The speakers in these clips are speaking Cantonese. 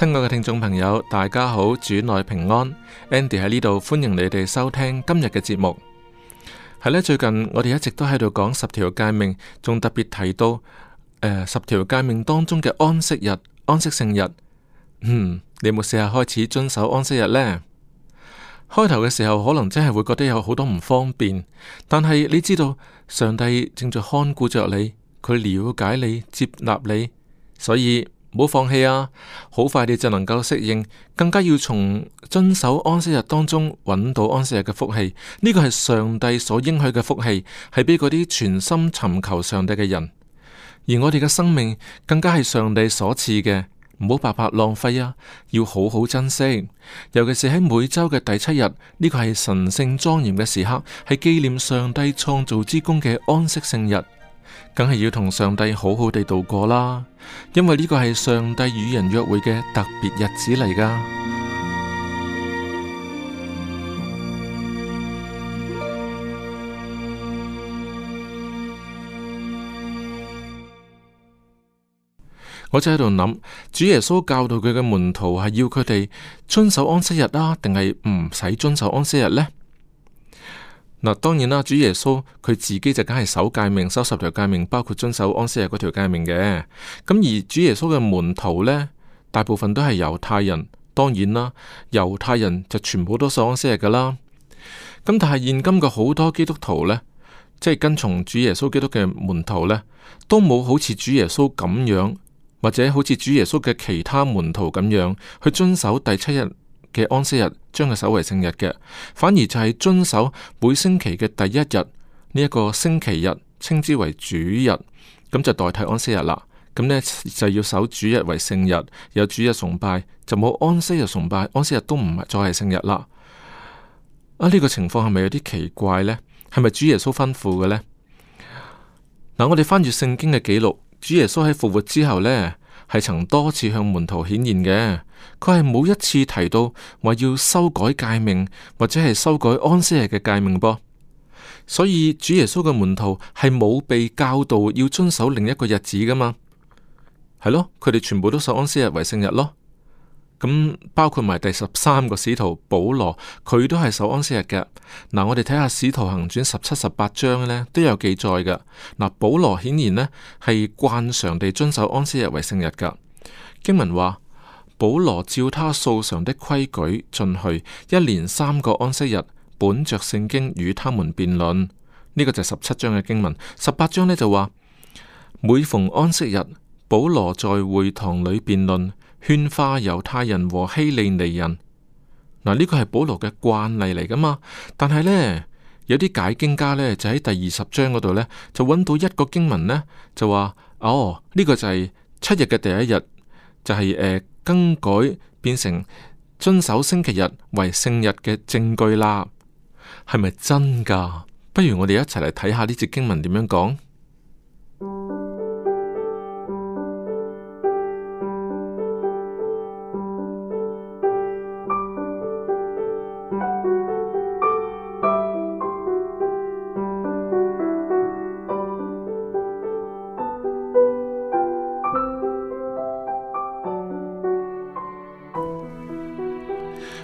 親愛嘅聽眾朋友，大家好，主內平安。Andy 喺呢度歡迎你哋收聽今日嘅節目，係呢，最近我哋一直都喺度講十條誡命，仲特別提到、呃、十條誡命當中嘅安息日、安息聖日。嗯，你有冇試下開始遵守安息日呢？開頭嘅時候可能真係會覺得有好多唔方便，但係你知道上帝正在看顧着你，佢了解你接納你，所以。唔好放棄啊！好快你就能夠適應，更加要從遵守安息日當中揾到安息日嘅福氣。呢個係上帝所應許嘅福氣，係俾嗰啲全心尋求上帝嘅人。而我哋嘅生命更加係上帝所賜嘅，唔好白白浪費啊！要好好珍惜，尤其是喺每周嘅第七日，呢個係神聖莊嚴嘅時刻，係紀念上帝創造之功嘅安息聖日。梗係要同上帝好好地度過啦，因為呢個係上帝與人約會嘅特別日子嚟噶。 我就喺度諗，主耶穌教導佢嘅門徒係要佢哋遵守安息日啊，定係唔使遵守安息日呢？嗱，當然啦，主耶穌佢自己就梗係守戒命，守十條戒命，包括遵守安息日嗰條戒命嘅。咁而主耶穌嘅門徒呢，大部分都係猶太人，當然啦，猶太人就全部都守安息日噶啦。咁但係現今嘅好多基督徒呢，即係跟從主耶穌基督嘅門徒呢，都冇好似主耶穌咁樣，或者好似主耶穌嘅其他門徒咁樣去遵守第七日。嘅安息日將佢守為聖日嘅，反而就係遵守每星期嘅第一日呢一個星期日稱之為主日，咁就代替安息日啦。咁呢就要守主日為聖日，有主日崇拜就冇安息日崇拜，安息日都唔係再係聖日啦。啊，呢個情況係咪有啲奇怪呢？係咪主耶穌吩咐嘅呢？嗱、啊，我哋翻住聖經嘅記錄，主耶穌喺復活之後呢。係曾多次向門徒顯現嘅，佢係冇一次提到話要修改誡命，或者係修改安息日嘅誡命噃。所以主耶穌嘅門徒係冇被教導要遵守另一個日子噶嘛，係咯？佢哋全部都守安息日為聖日咯。咁包括埋第十三個使徒保羅，佢都係守安息日嘅。嗱，我哋睇下《使徒行傳》十七、十八章呢都有記載嘅。嗱，保羅顯然呢係慣常地遵守安息日為聖日嘅。經文話，保羅照他素常的規矩進去，一連三個安息日，本着聖經與他們辯論。呢、這個就十七章嘅經文。十八章呢就話，每逢安息日，保羅在會堂裏辯論。勸化猶太人和希利尼人，嗱、這、呢個係保羅嘅慣例嚟㗎嘛？但係呢，有啲解經家呢，就喺第二十章嗰度呢，就揾到一個經文呢，就話哦呢、這個就係七日嘅第一日就係、是呃、更改變成遵守星期日為聖日嘅證據啦，係咪真㗎？不如我哋一齊嚟睇下呢隻經文點樣講。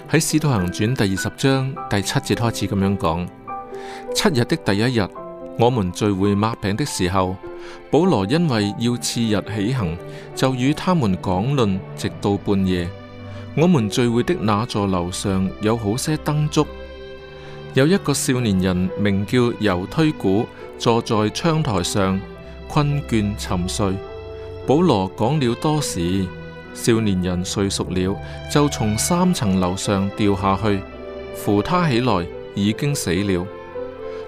喺《使徒行傳》第二十章第七節開始咁樣講：七日的第一日，我們聚會擘餅的時候，保羅因為要次日起行，就與他們講論，直到半夜。我們聚會的那座樓上有好些燈燭，有一個少年人名叫猶推古，坐在窗台上困倦沉睡。保羅講了多時。少年人睡熟了，就從三層樓上掉下去，扶他起來，已經死了。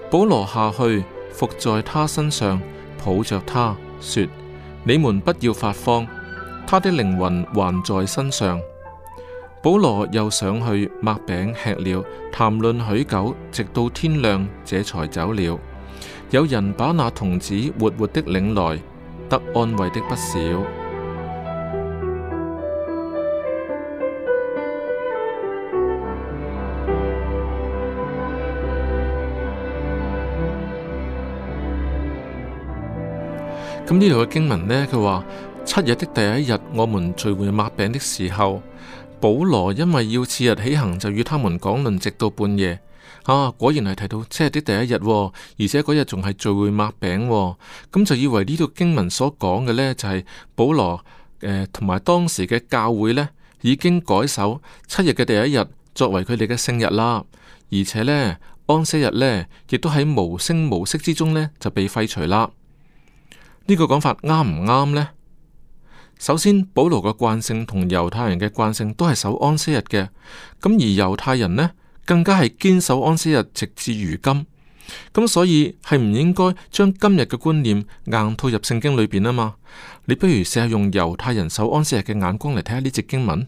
保羅下去伏在他身上，抱着他說：你們不要發慌，他的靈魂還在身上。保羅又上去抹餅吃了，談論許久，直到天亮，這才走了。有人把那童子活活的領來，得安慰的不少。咁呢度嘅經文呢，佢話，七日的第一日，我們聚會擘餅的時候，保羅因為要次日起行，就與他們講論，直到半夜。啊，果然係提到七日的第一日，哦，而且嗰日仲係聚會擘餅，哦。咁、嗯、就以為呢度經文所講嘅呢，就係、是、保羅同埋、呃、當時嘅教會呢，已經改守七日嘅第一日作為佢哋嘅聖日啦。而且呢，安息日呢，亦都喺無聲無息之中呢，就被廢除啦。呢個講法啱唔啱呢？首先，保羅嘅慣性同猶太人嘅慣性都係守安息日嘅，咁而猶太人呢，更加係堅守安息日直至如今，咁所以係唔應該將今日嘅觀念硬套入聖經裏邊啊嘛？你不如試下用猶太人守安息日嘅眼光嚟睇下呢節經文。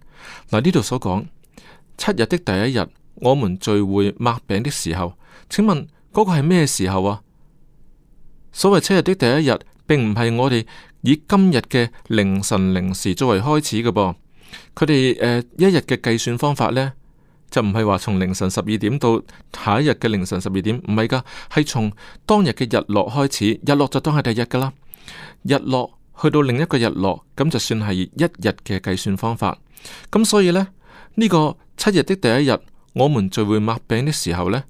嗱，呢度所講七日的第一日，我們聚會擘餅的時候，請問嗰個係咩時候啊？所謂七日的第一日。並唔係我哋以今日嘅凌晨零時作為開始嘅噃，佢哋誒一日嘅計算方法呢，就唔係話從凌晨十二點到下一日嘅凌晨十二點，唔係噶，係從當日嘅日落開始，日落就當係第一日噶啦，日落去到另一個日落，咁就算係一日嘅計算方法。咁所以呢，呢、呢個七日的第一日，我們聚會擘餅的時候呢，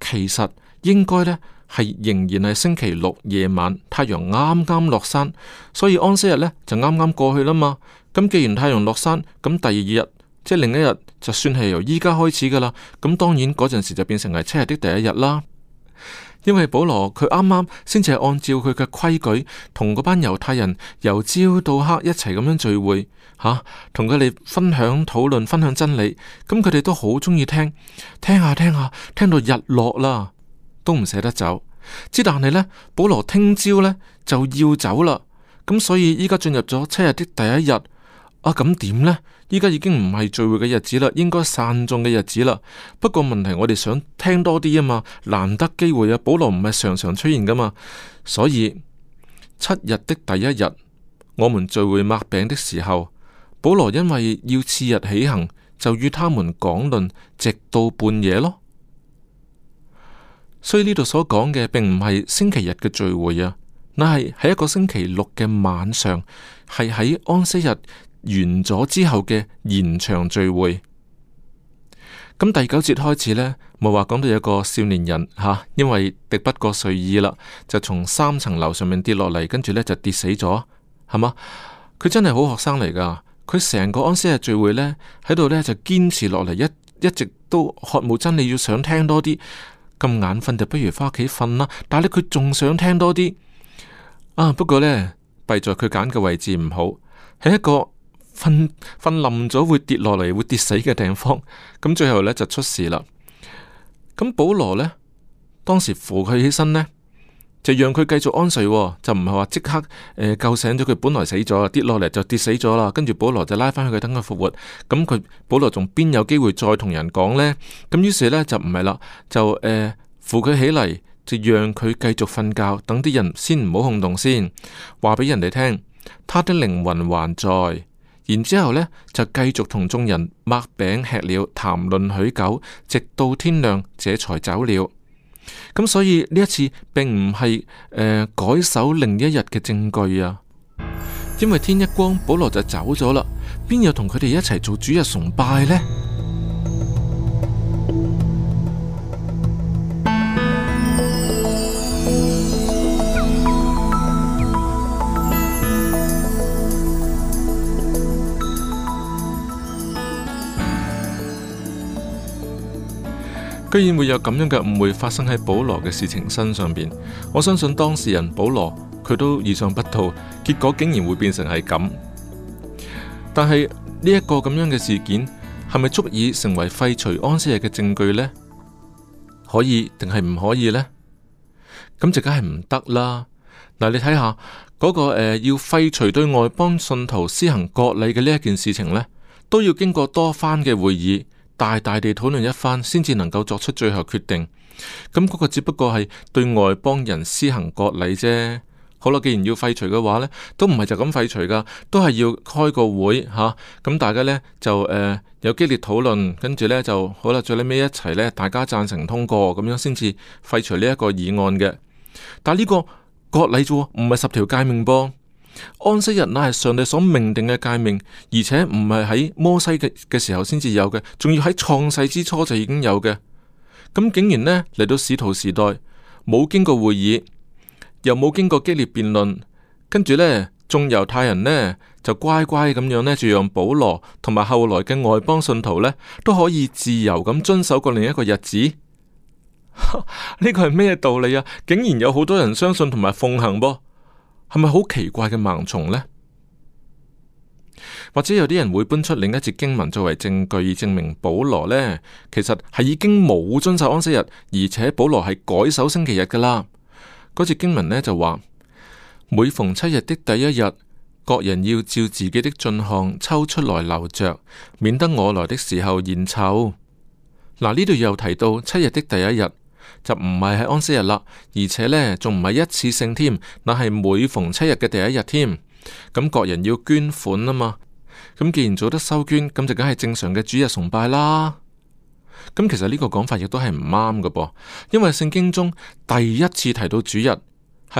其實應該呢。係仍然係星期六夜晚，太陽啱啱落山，所以安息日呢就啱啱過去啦嘛。咁既然太陽落山，咁第二日即係另一日，就算係由依家開始噶啦。咁當然嗰陣時就變成係七日的第一日啦。因為保羅佢啱啱先至係按照佢嘅規矩，同嗰班猶太人由朝到黑一齊咁樣聚會吓，同佢哋分享討論分享真理，咁佢哋都好中意聽，聽下聽下，聽到日落啦。都唔捨得走，之但係呢，保羅聽朝呢就要走啦，咁所以依家進入咗七日的第一日，啊咁點呢？依家已經唔係聚會嘅日子啦，應該散眾嘅日子啦。不過問題我哋想聽多啲啊嘛，難得機會啊，保羅唔係常常出現噶嘛，所以七日的第一日，我們聚會擘餅的時候，保羅因為要次日起行，就與他們講論直到半夜咯。所以呢度所講嘅並唔係星期日嘅聚會啊，但係喺一個星期六嘅晚上，係喺安息日完咗之後嘅延長聚會。咁第九節開始呢，咪話講到有一個少年人吓、啊，因為敵不過睡意啦，就從三層樓上面跌落嚟，跟住呢就跌死咗，係嘛？佢真係好學生嚟㗎，佢成個安息日聚會呢，喺度呢就堅持落嚟一一直都渴慕真理，你要想聽多啲。咁眼瞓就不如返屋企瞓啦，但係呢佢仲想聽多啲啊！不過呢，弊在佢揀嘅位置唔好，係一個瞓瞓冧咗會跌落嚟會跌死嘅地方。咁最後呢，就出事啦。咁保羅呢，當時扶佢起身呢。就讓佢繼續安睡，哦，就唔係話即刻誒、呃、救醒咗佢，本來死咗跌落嚟，就跌死咗啦。跟住保羅就拉翻去，等佢復活。咁佢保羅仲邊有機會再同人講呢？咁、嗯、於是呢，就唔係啦，就誒、呃、扶佢起嚟，就讓佢繼續瞓覺，等啲人先唔好轟動先，話俾人哋聽他的靈魂還在。然之後呢就繼續同眾人擘餅吃了，談論許久，直到天亮，這才走了。咁所以呢一次並唔係誒、改守另一日嘅證據啊，因為天一光，保羅就走咗啦，邊有同佢哋一齊做主日崇拜呢？居然會有咁樣嘅誤會發生喺保羅嘅事情身上邊，我相信當事人保羅佢都意想不到，結果竟然會變成係咁。但係呢一個咁樣嘅事件係咪足以成為廢除安息日嘅證據呢？可以定係唔可以呢？咁就梗係唔得啦。嗱，你睇下嗰個誒、呃、要廢除對外邦信徒施行割禮嘅呢一件事情呢，都要經過多番嘅會議。大大地討論一番，先至能夠作出最後決定。咁、那、嗰個只不過係對外幫人施行割禮啫。好啦，既然要廢除嘅話呢，都唔係就咁廢除噶，都係要開個會吓。咁、啊、大家呢就誒、呃、有激烈討論，跟住呢就好啦。最屘尾一齊呢，大家贊成通過咁樣先至廢除呢一個議案嘅。但係呢個割禮啫，唔係十條誡命噃。安息日乃係上帝所命定嘅誡命，而且唔係喺摩西嘅嘅時候先至有嘅，仲要喺創世之初就已經有嘅。咁竟然呢嚟到使徒時代，冇經過會議，又冇經過激烈辯論，跟住呢，眾猶太人呢就乖乖咁樣呢，就讓保羅同埋後來嘅外邦信徒呢都可以自由咁遵守過另一個日子。呢個係咩道理啊？竟然有好多人相信同埋奉行噃、啊？係咪好奇怪嘅盲從呢？或者有啲人會搬出另一節經文作為證據，以證明保羅呢其實係已經冇遵守安息日，而且保羅係改守星期日噶啦。嗰節經文呢就話：每逢七日的第一日，各人要照自己的進項抽出來留着，免得我來的時候現湊。嗱呢度又提到七日的第一日。就唔係喺安息日啦，而且呢，仲唔係一次性添，乃係每逢七日嘅第一日添。咁各人要捐款啊嘛，咁既然做得收捐，咁就梗係正常嘅主日崇拜啦。咁其實呢個講法亦都係唔啱嘅噃，因為聖經中第一次提到主日係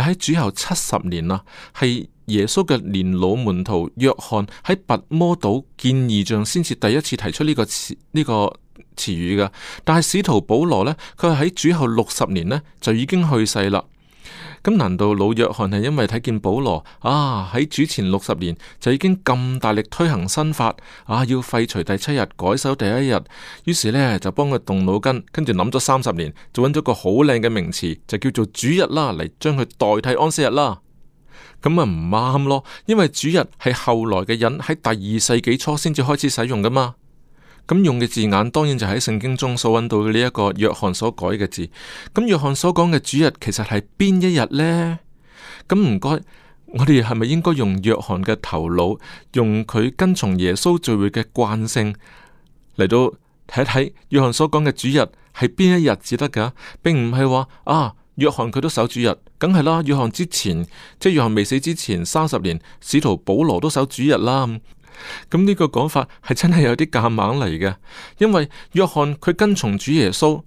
喺主後七十年啦，係耶穌嘅年老門徒約翰喺拔摩島見異象先至第一次提出呢個呢個。這個詞語噶，但係使徒保羅呢，佢喺主後六十年呢，就已經去世啦。咁難道老約翰係因為睇見保羅啊喺主前六十年就已經咁大力推行新法啊，要廢除第七日改守第一日，於是呢，就幫佢動腦筋，跟住諗咗三十年，就揾咗個好靚嘅名詞，就叫做主日啦，嚟將佢代替安息日啦。咁咪唔啱咯，因為主日係後來嘅人喺第二世紀初先至開始使用噶嘛。咁用嘅字眼，當然就喺聖經中所揾到嘅呢一個約翰所改嘅字。咁約翰所講嘅主日，其實係邊一日呢？咁唔該，我哋係咪應該用約翰嘅頭腦，用佢跟從耶穌聚會嘅慣性嚟到睇睇約翰所講嘅主日係邊一日至得噶？並唔係話啊，約翰佢都守主日，梗係啦。約翰之前，即係約翰未死之前三十年，使徒保羅都守主日啦。咁呢個講法係真係有啲夾硬嚟嘅，因為約翰佢跟從主耶穌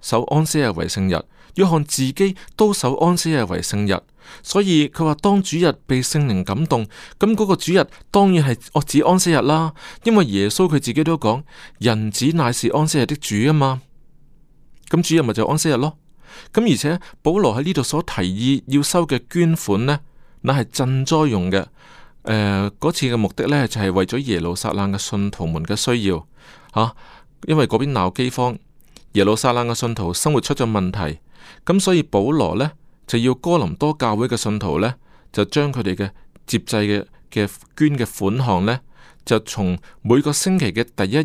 守安息日為聖日，約翰自己都守安息日為聖日，所以佢話當主日被聖靈感動，咁嗰個主日當然係我指安息日啦，因為耶穌佢自己都講人子乃是安息日的主啊嘛，咁主日咪就安息日咯，咁而且保羅喺呢度所提議要收嘅捐款呢，乃係賑災用嘅。嗰、呃、次嘅目的呢，就係、是、為咗耶路撒冷嘅信徒們嘅需要嚇、啊，因為嗰邊鬧饑荒，耶路撒冷嘅信徒生活出咗問題，咁所以保羅呢，就要哥林多教會嘅信徒呢，就將佢哋嘅接濟嘅嘅捐嘅款項呢，就從每個星期嘅第一日，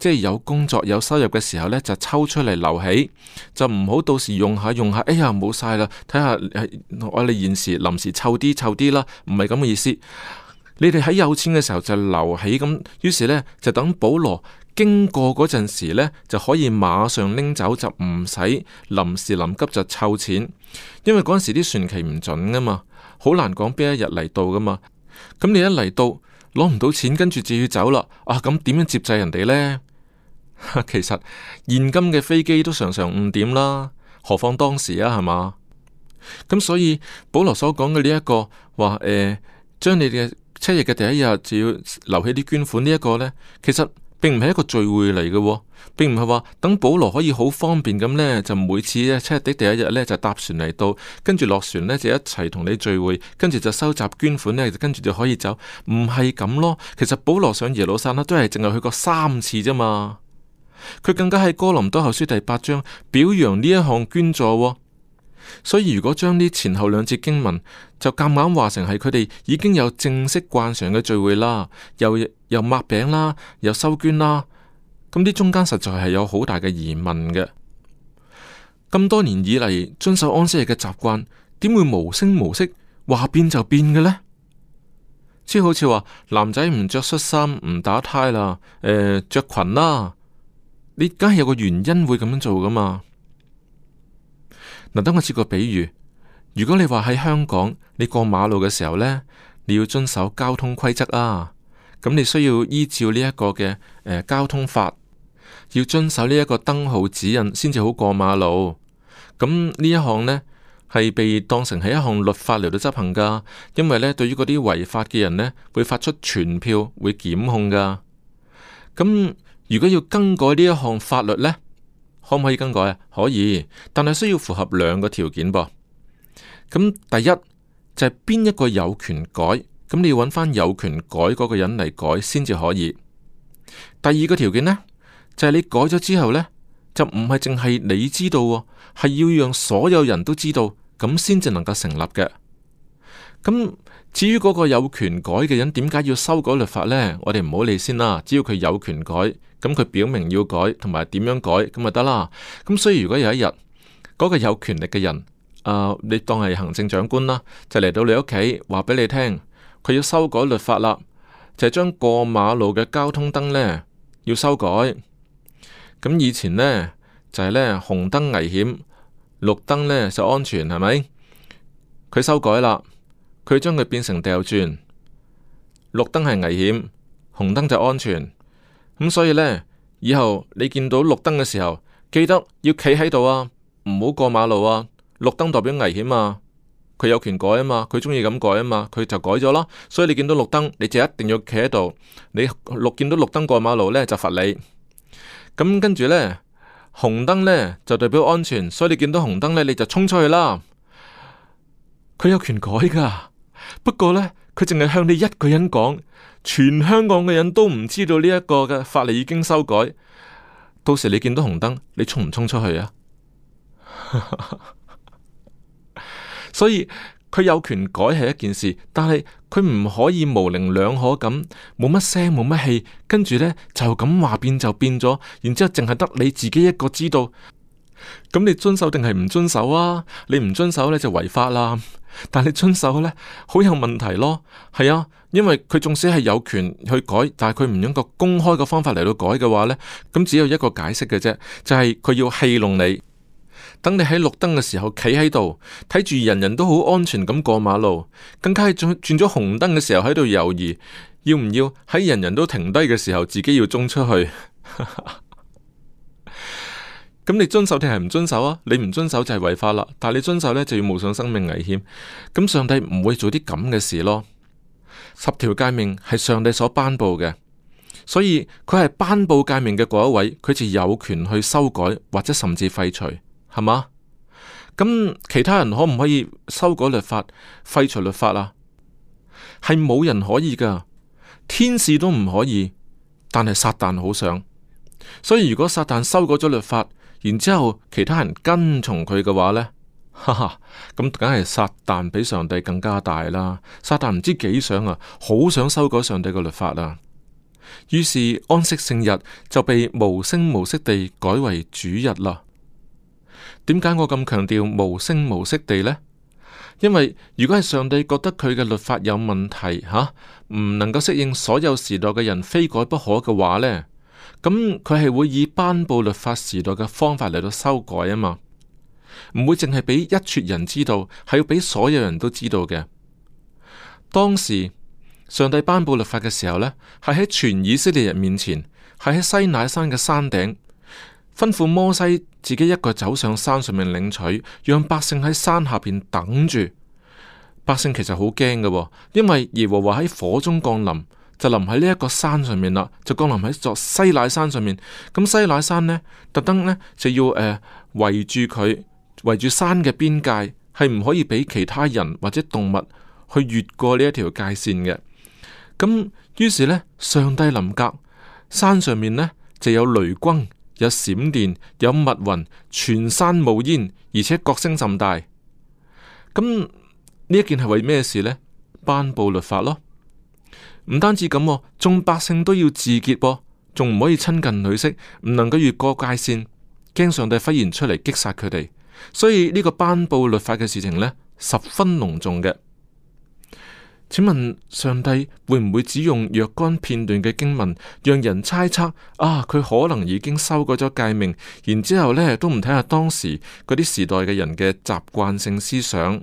即、就、係、是、有工作有收入嘅時候呢，就抽出嚟留起，就唔好到時用下用下，哎呀冇晒啦，睇下我哋、哎、現時臨時湊啲湊啲啦，唔係咁嘅意思。你哋喺有錢嘅時候就留起咁，於是呢，就等保羅經過嗰陣時呢，就可以馬上拎走，就唔使臨時臨急就湊錢，因為嗰陣時啲船期唔準噶嘛，好難講邊一日嚟到噶嘛。咁你一嚟到攞唔到錢，跟住就要走啦。啊，咁點樣接濟人哋呢？其實現今嘅飛機都常常誤點啦，何況當時啊，係嘛？咁所以保羅所講嘅呢一個話，誒、呃、將你哋嘅。七日嘅第一日就要留起啲捐款呢一個呢，其實並唔係一個聚會嚟嘅。哦，並唔係話等保羅可以好方便咁呢。就每次咧七日的第一日呢，就搭船嚟到，跟住落船呢，就一齊同你聚會，跟住就收集捐款呢，跟住就可以走，唔係咁咯。其實保羅上耶路撒冷都係淨係去過三次啫嘛。佢更加喺哥林多後書第八章表揚呢一項捐助，哦。所以如果將啲前後兩節經文就夾硬話成係佢哋已經有正式慣常嘅聚會啦，又又抹餅啦，又收捐啦，咁啲中間實在係有好大嘅疑問嘅。咁多年以嚟遵守安息日嘅習慣，點會無聲無息話變就變嘅呢？即係好似話男仔唔着恤衫唔打呔啦，誒、呃、着裙啦，你梗係有個原因會咁樣做噶嘛？嗱，等我接個比喻。如果你話喺香港，你過馬路嘅時候呢，你要遵守交通規則啊。咁你需要依照呢一個嘅、呃、交通法，要遵守呢一個燈號指引，先至好過馬路。咁呢一項呢，係被當成係一項律法嚟到執行噶，因為呢對於嗰啲違法嘅人呢，會發出傳票，會檢控噶。咁如果要更改呢一項法律呢？可唔可以更改啊？可以，但係需要符合兩個條件噃。咁第一就係邊一個有權改，咁你要揾翻有權改嗰個人嚟改先至可以。第二個條件呢，就係你改咗之後呢，就唔係淨係你知道，係要讓所有人都知道，咁先至能夠成立嘅。咁至於嗰個有權改嘅人，點解要修改律法呢？我哋唔好理先啦。只要佢有權改，咁佢表明要改，同埋點樣改，咁咪得啦。咁所以如果有一日，嗰個有權力嘅人，誒，你當係行政長官啦，就嚟到你屋企話俾你聽，佢要修改律法啦，就係將過馬路嘅交通燈呢要修改。咁以前呢，就係呢紅燈危險，綠燈呢就安全，係咪？佢修改啦。佢將佢變成掉轉，綠燈係危險，紅燈就安全。咁所以呢，以後你見到綠燈嘅時候，記得要企喺度啊，唔好過馬路啊。綠燈代表危險啊，佢有權改啊嘛，佢鍾意咁改啊嘛，佢就改咗啦。所以你見到綠燈，你就一定要企喺度。你綠見到綠燈過馬路呢，就罰你。咁跟住呢，紅燈呢，就代表安全，所以你見到紅燈呢，你就衝出去啦。佢有權改㗎。不過呢，佢淨係向你一個人講，全香港嘅人都唔知道呢一個嘅法例已經修改。到時你見到紅燈，你衝唔衝出去啊？ 所以佢有權改係一件事，但係佢唔可以模棱兩可咁，冇乜聲，冇乜氣，跟住呢，就咁話變就變咗，然之後淨係得你自己一個知道。咁你遵守定係唔遵守啊？你唔遵守呢就違法啦。但你遵守呢，好有問題咯，係啊，因為佢縱使係有權去改，但係佢唔用個公開嘅方法嚟到改嘅話呢，咁只有一個解釋嘅啫，就係佢要戲弄你，等你喺綠燈嘅時候企喺度睇住人人都好安全咁過馬路，更加係轉咗紅燈嘅時候喺度猶豫，要唔要喺人人都停低嘅時候自己要衝出去。 咁你遵守定係唔遵守啊？你唔遵守就係違法啦，但係你遵守呢，就要冒上生命危險。咁上帝唔會做啲咁嘅事咯。十條誡命係上帝所頒布嘅，所以佢係頒布誡命嘅嗰一位，佢就有權去修改或者甚至廢除，係嘛？咁其他人可唔可以修改律法、廢除律法啊？係冇人可以噶，天使都唔可以，但係撒旦好想。所以如果撒旦修改咗律法，然之後，其他人跟從佢嘅話呢，哈哈，咁梗係撒旦比上帝更加大啦！撒旦唔知幾想啊，好想修改上帝嘅律法啊。於是安息聖日就被無聲無息地改為主日啦。點解我咁強調無聲無息地呢？因為如果係上帝覺得佢嘅律法有問題，吓、啊、唔能夠適應所有時代嘅人，非改不可嘅話呢。咁佢係會以頒布律法時代嘅方法嚟到修改啊嘛，唔會淨係俾一撮人知道，係要俾所有人都知道嘅。當時上帝頒布律法嘅時候呢，係喺全以色列人面前，係喺西乃山嘅山頂，吩咐摩西自己一個走上山上面領取，讓百姓喺山下邊等住。百姓其實好驚嘅，因為耶和華喺火中降臨。就臨喺呢一個山上面啦，就降臨喺座西乃山上面。咁西乃山呢，特登呢就要誒圍住佢，圍住山嘅邊界係唔可以俾其他人或者動物去越過呢一條界線嘅。咁於是呢，上帝臨格山上面呢就有雷光，有閃電，有密雲，全山冒煙，而且角聲甚大。咁呢一件係爲咩事呢？頒布律法咯。唔單止咁，眾百姓都要自潔，仲唔可以親近女色，唔能夠越過界線，驚上帝忽然出嚟擊殺佢哋。所以呢個頒布律法嘅事情呢，十分隆重嘅。請問上帝會唔會只用若干片段嘅經文，讓人猜測啊？佢可能已經修改咗誡命，然之後呢都唔睇下當時嗰啲時代嘅人嘅習慣性思想。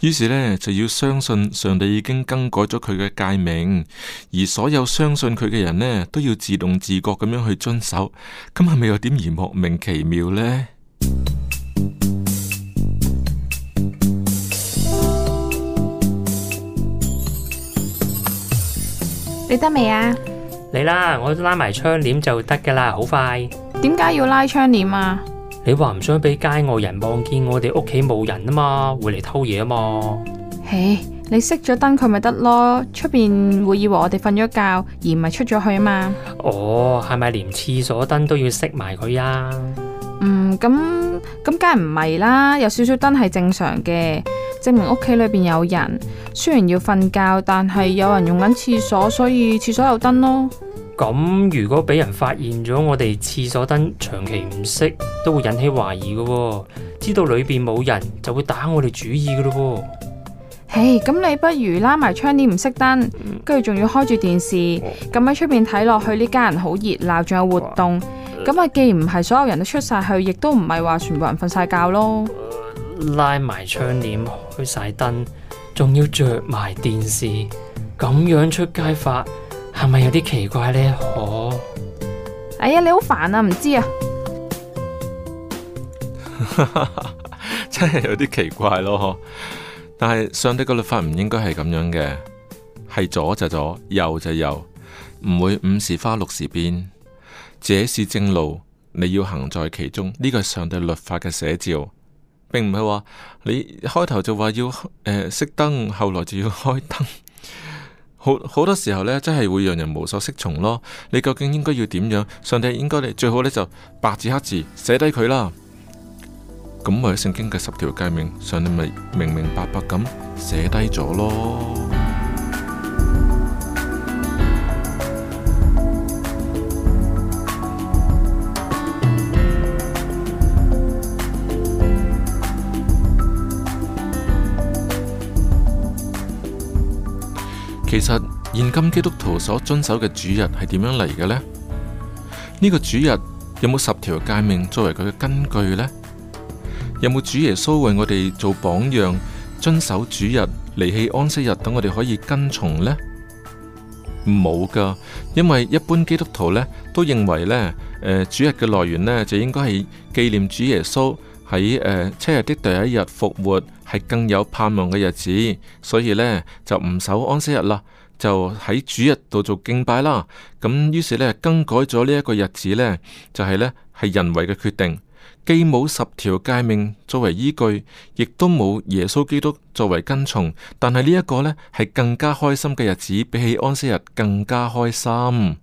於是呢，就要相信上帝已經更改咗佢嘅誡命，而所有相信佢嘅人呢，都要自動自覺咁樣去遵守。咁係咪有點而莫名其妙呢？你得未啊？嚟啦，我拉埋窗簾就得㗎喇，好快。點解要拉窗簾啊？你話唔想俾街外人望見我哋屋企冇人啊嘛，會嚟偷嘢啊嘛？嘿，hey，你熄咗燈佢咪得咯？出邊會以為我哋瞓咗覺而唔係出咗去啊嘛？哦，係咪連廁所燈都要熄埋佢啊？嗯，咁咁梗係唔係啦？有少少燈係正常嘅，證明屋企裏邊有人。雖然要瞓覺，但係有人用緊廁所，所以廁所有燈咯。咁如果俾人發現咗我哋廁所燈長期唔熄，都會引起懷疑嘅喎。知道裏邊冇人，就會打我哋主意嘅咯。嘿，咁你不如拉埋窗簾唔熄燈，跟住仲要開住電視，咁喺出面睇落去，呢家人好熱鬧，仲有活動。咁啊，既唔係所有人都出晒去，亦都唔係話全部人瞓晒覺咯。拉埋窗簾，開晒燈，仲要着埋電視，咁樣出街法。係咪有啲奇怪呢？哦、oh.，哎呀，你好煩啊！唔知啊， 真係有啲奇怪咯。但係上帝嘅律法唔應該係咁樣嘅，係左就左，右就右，唔會五時花六時變。這是正路，你要行在其中。呢個係上帝律法嘅寫照，並唔係話你開頭就話要誒熄燈，後來就要開燈。好，好多時候咧，真係會讓人無所適從咯。你究竟應該要點樣？上帝應該你最好呢就白字黑字寫低佢啦。咁或者聖經嘅十條誡命，上帝咪明明白白咁寫低咗咯。其實現今基督徒所遵守嘅主日係點樣嚟嘅呢？呢、呢個主日有冇十條誡命作為佢嘅根據呢？有冇主耶穌為我哋做榜樣遵守主日，離棄安息日等我哋可以跟從呢？冇㗎，因為一般基督徒呢，都認為呢，誒、呃，主日嘅來源呢，就應該係紀念主耶穌。喺誒、呃，七日的第一日復活係更有盼望嘅日子，所以呢，就唔守安息日啦，就喺主日度做敬拜啦。咁、嗯、於是呢，更改咗呢一個日子呢，就係、係、呢，係人為嘅決定，既冇十條誡命作為依據，亦都冇耶穌基督作為跟從。但係呢一個呢，係更加開心嘅日子，比起安息日更加開心。咁、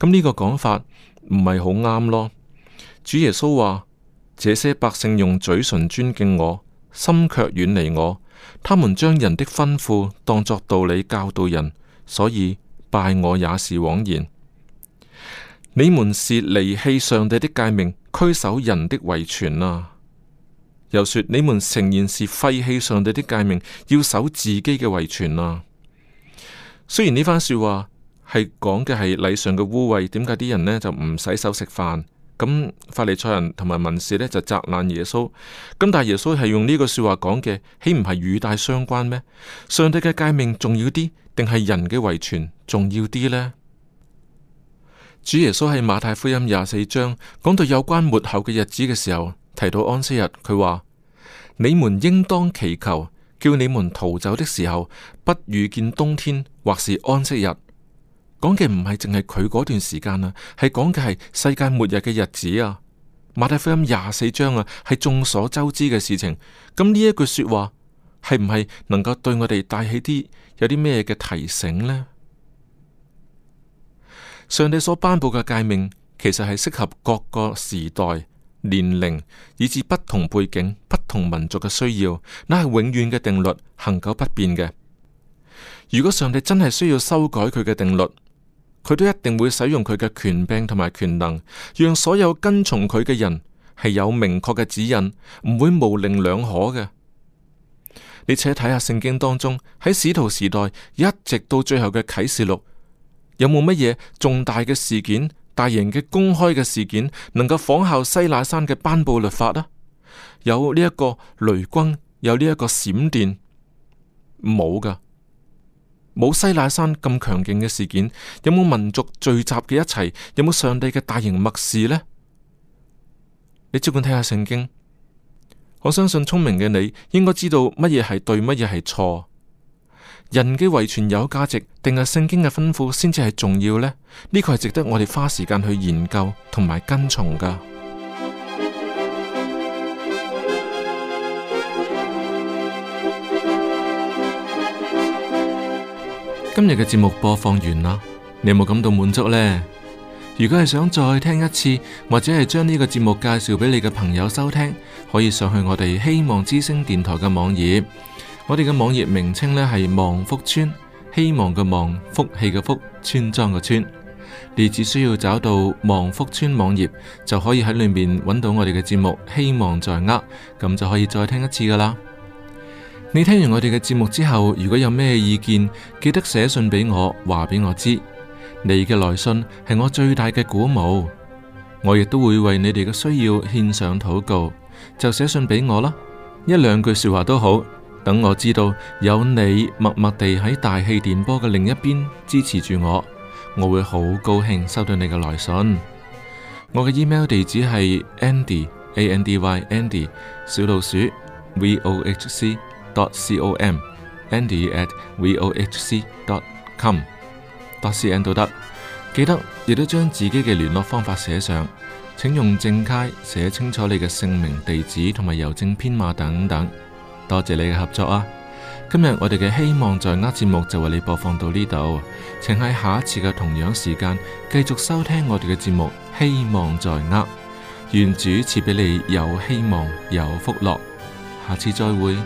嗯、呢、呢個講法唔係好啱咯。主耶穌話這些百姓用嘴唇尊敬我，心卻遠離我。他們將人的吩咐當作道理教導人，所以拜我也是枉然。你們是離棄上帝的誡命，拘守人的遺傳啊！又說你們誠然是廢棄上帝的誡命，要守自己嘅遺傳啊！雖然呢番話說話係講嘅係禮上嘅污穢，點解啲人呢就唔洗手食飯？咁法利賽人同埋文士呢，就責難耶穌，咁但耶穌係用呢個話說話講嘅，豈唔係語帶相關咩？上帝嘅誡命重要啲，定係人嘅遺傳重要啲呢？主耶穌喺馬太福音廿四章講到有關末後嘅日子嘅時候，提到安息日，佢話：你們應當祈求，叫你們逃走的時候，不遇見冬天，或是安息日。講嘅唔係淨係佢嗰段時間啊，係講嘅係世界末日嘅日子啊。馬太福音廿四章啊，係眾所周知嘅事情。咁呢一句說話係唔係能夠對我哋帶起啲有啲咩嘅提醒呢？上帝所頒布嘅誡命其實係適合各個時代、年齡以至不同背景、不同民族嘅需要，乃係永遠嘅定律，恒久不變嘅。如果上帝真係需要修改佢嘅定律，佢都一定會使用佢嘅權柄同埋權能，讓所有跟從佢嘅人係有明確嘅指引，唔會模棱兩可嘅。你且睇下聖經當中喺使徒時代一直到最後嘅啟示錄，有冇乜嘢重大嘅事件、大型嘅公開嘅事件，能夠仿效西乃山嘅頒布律法呢？有呢一個雷轟，有呢一個閃電，冇噶。冇西奈山咁強勁嘅事件，有冇民族聚集嘅一齊，有冇上帝嘅大型默示呢？你照管睇下聖經，我相信聰明嘅你應該知道乜嘢係對，乜嘢係錯。人嘅遺傳有價值定係聖經嘅吩咐先至係重要呢？呢個係值得我哋花時間去研究同埋跟從噶。今日嘅節目播放完啦，你有冇感到滿足呢？如果係想再聽一次，或者係將呢個節目介紹俾你嘅朋友收聽，可以上去我哋希望之聲電台嘅網頁。我哋嘅網頁名稱呢係望福村，希望嘅望，福氣嘅福，村莊嘅村。你只需要找到望福村網頁，就可以喺裏面揾到我哋嘅節目《希望在握》，咁就可以再聽一次噶啦。你聽完我哋嘅節目之後，如果有咩意見，記得寫信俾我，話俾我知。你嘅來信係我最大嘅鼓舞，我亦都會為你哋嘅需要獻上禱告。就寫信俾我啦，一兩句說話都好。等我知道有你默默地喺大氣電波嘅另一邊支持住我，我會好高興收到你嘅來信。我嘅 email 地址係 andy a n d y andy 小老鼠 v o h c dot.com，Andy at vohc.com，dot cn 都得，記得亦都將自己嘅聯絡方法寫上。請用正楷寫清楚你嘅姓名、地址同埋郵政編碼等等。多謝你嘅合作啊！今日我哋嘅希望在握節目就為你播放到呢度。請喺下一次嘅同樣時間繼續收聽我哋嘅節目《希望在握》，願主賜俾你有希望有福樂。下次再會。